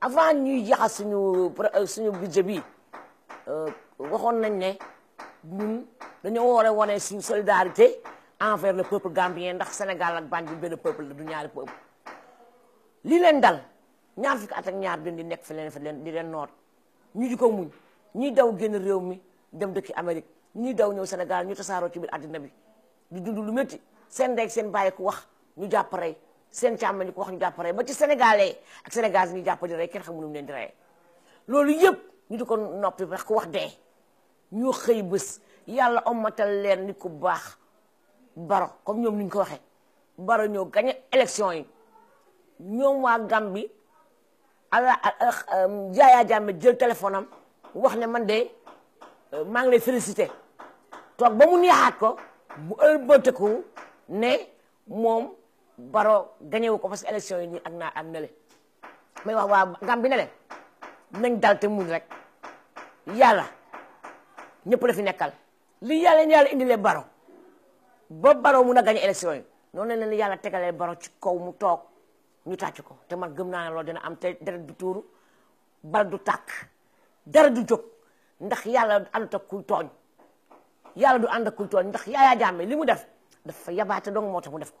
avant ñuy jaxas suñu euh, suñu budget bi euh, waxoon nañ ne ñun dañoo war a suñu solidarité envers le peuple gambien ndax Sénégal ak Banjul benn peuple la du ñaari peuple li leen dal ñaar fukki at ñaar gën di nekk fi leen fi leen di leen noot ñu di ko muñ ñuy daw génn réew mi dem dëkki Amérique ñuy daw ñëw Sénégal ñu tasaaroo ci biir àddina bi di dund lu métti seen ndey seen bàyyi ku wax ñu jàpp rey seen càmm ni ko wax ñu jàpp rey ba ci sénégalais ak sénégalais ñu jàpp di rey kenn xamuñu loolu yëpp ñu di ko noppi wax ko wax dee ñu xëy bés yàlla ommatal leen ni ku baax baro comme ñoom ni ko waxee baro ñoo gañe élection yi ñoom waa Gàmbi ala euh, Yaya Jammeh jël téléphone am wax ne man de euh, maa ngi lay félicité toog ba mu neexaat ko mu ëlbatiku ne moom Baro gagné wu ko parce que yi nii ak naa ak nele may wax waa Gàmbi ne leen nañ dal te muñ rek yàlla ñëpp la fi nekkal li yàlla yàlla indilee Baro ba Baro mun a gagné élection yi noonu la li yàlla tegalee Baro ci kaw mu toog ñu tàcc ko te man gëm naa ne loolu dina am te dara du tuuru bal du tàkk dara du jóg ndax yàlla àndut ak kuy tooñ yàlla du ànd ak kuy tooñ ndax Yaya Jammeh li mu def dafa yabaate dong moo tax mu def ko.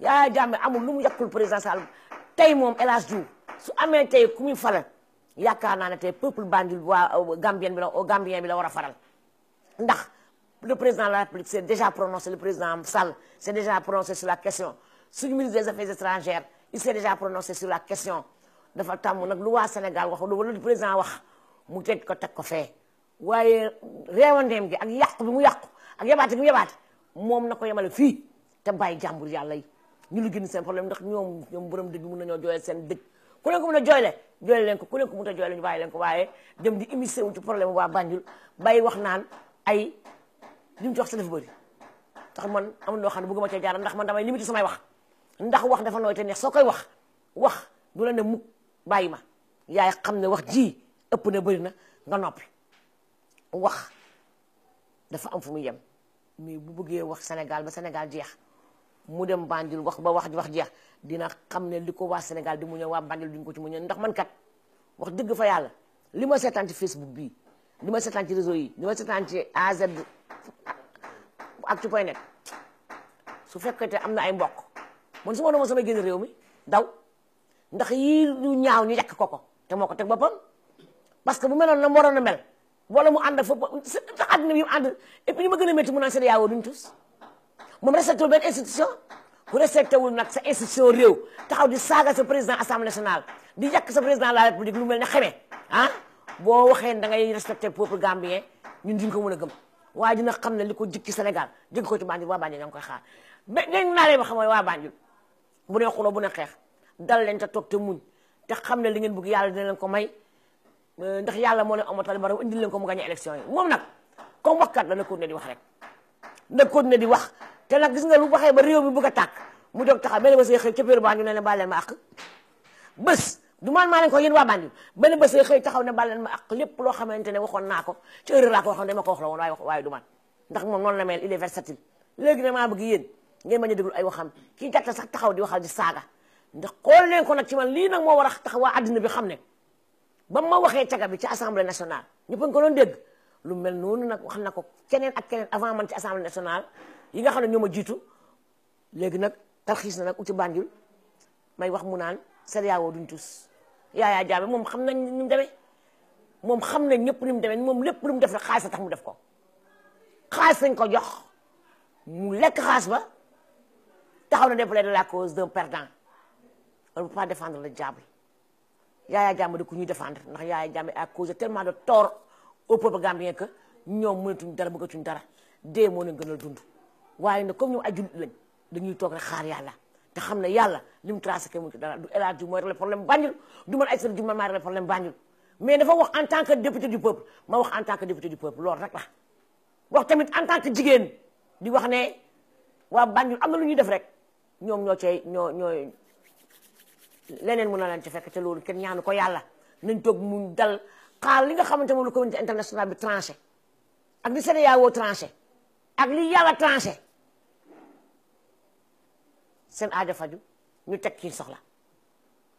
Yaya Jammeh amul lu mu yakul président Sall tey moom El Hadj su amé tey ku muy faral yaakaar naa ne peuple bandil wa euh, Gambien bi la o euh, Gambien bi la wara a faral ndax le président de la République s'est déjà prononcé le président Sall s'est déjà prononcé sur la question suñu ministre des affaires étrangères il s'est déjà prononcé sur la question dafa tam nak loi Sénégal wax lu lu président wax mu teg ko teg ko fee waye réewandeem gi ak yak bi mu yàq ak yabaate bi mu yabaate moom na ko yemale te baye jambour yalla yi ñu lu gën seen problème ndax ñoom ñoom borom dëgg mën nañoo jooyal seen dëgg ku leen ko mën a jooyle jooyle leen ko ku leen ko mën a jooyle ñu bàyyi leen ko waaye dem di immiscé wu ci problème waa Banjul bàyyi wax naan ay li mu ci wax sa dafa bëri tax man amul loo xam ne bëgguma cee jaar ndax man damay limité samay wax ndax wax dafa nooy te neex soo koy wax wax du la ne mukk bàyyi ma yaay xam ne wax ji ëpp na bëri na nga noppi wax dafa am fu muy yem mais bu bëggee wax Sénégal ba Sénégal jeex mu dem bandil wax ba wax wax jeex dina xamne liko wa senegal di mu ñëw wa bandil duñ ko ci mu ñu ndax man kat wax deug fa yalla lima setan ci Facebook bi lima setan ci réseau yi lima setan ci AZ ak ci point net su fekkete amna ay mbokk man suma dama sama samay rew mi daw ndax yi ñu ñaaw ñu yàq ko ko te moko tek bopam parce que bu meloon la morona mel wala mu and fa sa àddina bi mu ànd et puis ni ma gëna metti mu na sen yaawu duñ tous moom respecté wul benn institution ku respecté wul nag sa institution réew taxaw di saaga sa président assemblée nationale di yàq sa président la république lu mel ne xamee ah? boo waxee da ngay respecté peuple gambien ñun duñ ko mën a gëm waaye dina xam ne li ko jikki Sénégal jikki ko ci Banjul waa Banjul ñoo ngi koy xaar mais léegi naa leen ba waa Banjul bu ne xuloo bu ne xeex dal leen te toog te muñ te xam ne li ngeen bëgg yàlla dina leen ko may ndax yàlla moo leen amatal bari indil leen ko mu gagné élection yi moom nag comme waxkat la na continuer di wax rek te nag gis nga lu waxee ba réew mi bëgg a tàkk mu jóg taxaw benn bés ngay xëy cëppéeru baa ñu ne leen baal leen ma àq bés du man maa leen ko yéen waa bandi xëy taxaw ne baal leen ma àq loo xamante ne waxoon naa ko ci erreur laa ko waxoon dama ko la woon waaye waaye du man ndax moom noonu la mel il est versatile léegi ne yéen ngeen bañ a déglu ay waxam kii jàtta sax taxaw di waxal di saaga ndax xool leen ko nag ci man lii nag moo war a tax waa àddina bi xam ne ba ma waxee caga bi ci assemblée nationale ñëpp a ko doon dégg lu mel noonu nag wax na ko keneen ak keneen avant man ci assemblée nationale yi nga xam ne ñoo ma jiitu léegi nag tarxiis na nag uti Banjul may wax mu naan CEDEAO duñ tus yaaya Jammeh moom xam nañ ni mu moom xam ne ñëpp ni mu demee moom lépp lu mu def rek xaalis a tax mu def ko xaalis lañ ko jox mu lekk xaalis ba taxaw na défendre la cause d'un perdant on ne peut pas défendre le diable Yaya Jammeh di ku ñuy défendre ndax Yaya Jammeh a causé tellement de tort au peuple gambien que ñoom mënatuñ dara bëggatuñ dara dee moo leen gënal dund waaye nag comme ñoom ay jullit lañ dañuy toog rek xaar yàlla te xam na yàlla li mu tracé mu ci dara du El Hadj Diouf mooy régler problème Banjul du man Aïssata Diouf man maa régler problème Banjul mais dafa wax en tant que député du peuple ma wax en tant que député du peuple loolu rek la wax tamit en tant que jigéen di wax ne waa Banjul am na lu ñuy def rek ñoom ñoo cay ñoo ñooy leneen mu na leen ci fekk te loolu kenn ñaanu ko yàlla nañ toog mu dal xaar li nga xamante moom la communauté internationale bi tranché ak li CEDEAO tranché ak li yàlla tranché seen aada faju ñu teg kii soxla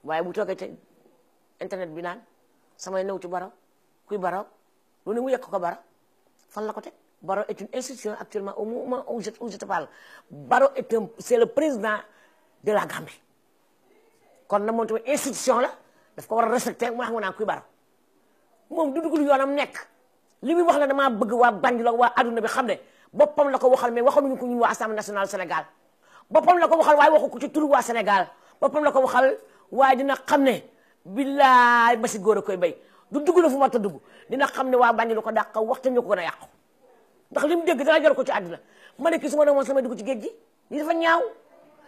waaye bu toogee te internet bi naan samay new ci baro kuy baro lu ne mu yekk ko baro fan la ko teg baro est une institution actuellement au moment où je où est un c'est le président de la kon na moom tamit institution la daf ko war a respecté mu wax mu naan kuy baro moom du dugul yoonam nekk li muy wax la damaa bëgg waa Banjul ak waa adduna bi xam ne boppam la ko waxal mais waxaluñu ko ñun waa assemblée nationale Sénégal boppam la ko waxal waaye waxu ko ci turu waa Sénégal boppam la ko waxal waaye dina xam ne billaay basi góor a koy bay du dugg na fu mat a dugg dina xam ne waa Banjul ko dàq waxtam ñu ko gën a yàqu ndax li mu dégg dana jar ko ci àdduna ma ne kii su ma demoon sama dugg ci géej gi lii dafa ñaaw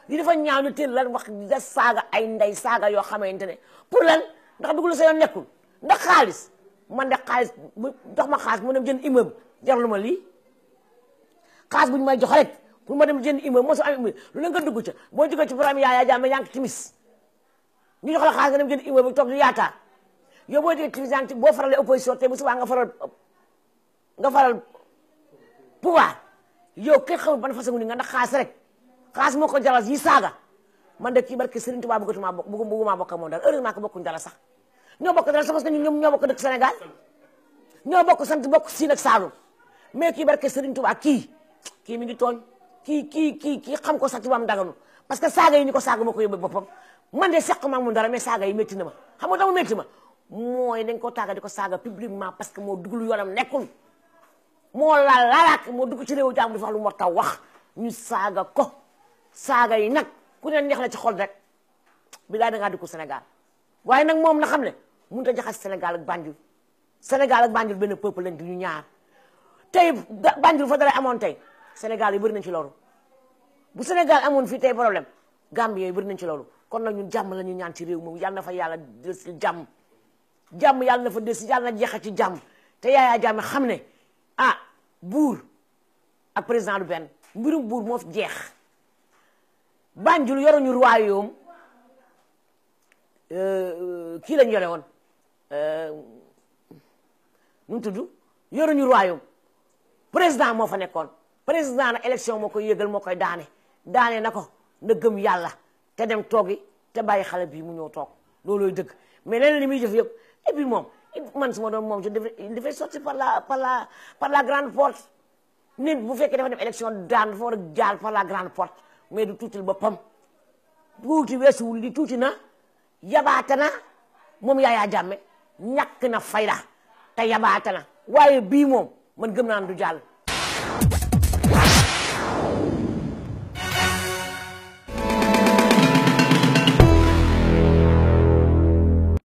lii fa ñaaw ñu teel lan wax da saaga ay ndey saaga yoo xamante ne pour lan ndax dugg la sa yoon nekkul ndax xaalis man de xaalis mu dox ma xaalis mu dem jënd immeuble jarlu ma lii xaalis bu ñu may jox rek pour ma dem jënd immeuble mosu am immeuble lu leen nga dugg ca boo jógee ci programme Yaya Jammeh yaa ngi timis ñu jox la xaalis nga dem jënd immeuble toog di yaataar yow boo jógee timis yaa ngi boo faralee opposition te bu subaa nga faral nga faral pouvoir yow kenn xamul ban façon ni nga ndax xaas rek xaas moo ko jaral yi saaga man de kii barke Serigne Touba bëggatuma bëgguma bokk ak moom dara heureusement que bokkuñ dara sax ñoo bokk dara sax parce que ñoom ñoo bokk dëkk Sénégal ñoo bokk sant bokk Siin ak Saalum mais kii barke Serigne Touba kii kii mi ngi tooñ kii kii kii kii xam ko sax ci waam parce que saaga yi ñu ko saaga moo ko yóbbee boppam man de seq maa mu dara mais saaga yi métti na ma xam nga dama métti ma mooy dañ ko taaga di ko saaga publiquement parce que moo dugg lu yoonam nekkul moo moo dugg ci réew jàmm di wax lu mu war wax ñu saaga ko yi nag ku ne neex la ci xol rek bi laa da ngaa waaye nag moom na xam ne mënut a jaxas Sénégal ak Banjul Sénégal ak Banjul benn peuple lañ di ñu ñaar tey Banjul fa dara amoon tey Sénégal yi bëri nañ ci loolu bu Sénégal amoon fii tey problème Gambie yooyu bëri nañ ci loolu kon nag ñun jàmm la ñu ñaan ci réew moom yàlla na fa yàlla des ci jàmm jàmm yàlla na fa desi yàlla na jeexa ci jàmm te yaayaa jàmm xam ne ah buur ak président du benn mbirum buur moo fi jeex Banjul yoruñu royaume euh, euh, kii lañ yore woon euh, nu mu tudd yoruñu royaume président moo fa nekkoon président na élection moo koy yëgal moo koy daane daane na ko na gëm yàlla te dem toogi te bàyyi xale bii mu ñëw toog loolooy dëgg mais leneen li muy def yëpp et puis moom man su ma doon moom je devais il devait par la par la par la grande porte bu fekkee dafa dem élection daan dafa war a jaar par la grande porte mais du tuutil boppam tuuti weesuwul li tuuti na yabaata moom yaayaa jàmme ñàkk na fayda te yabaata waaye bii moom man gëm naa du jàll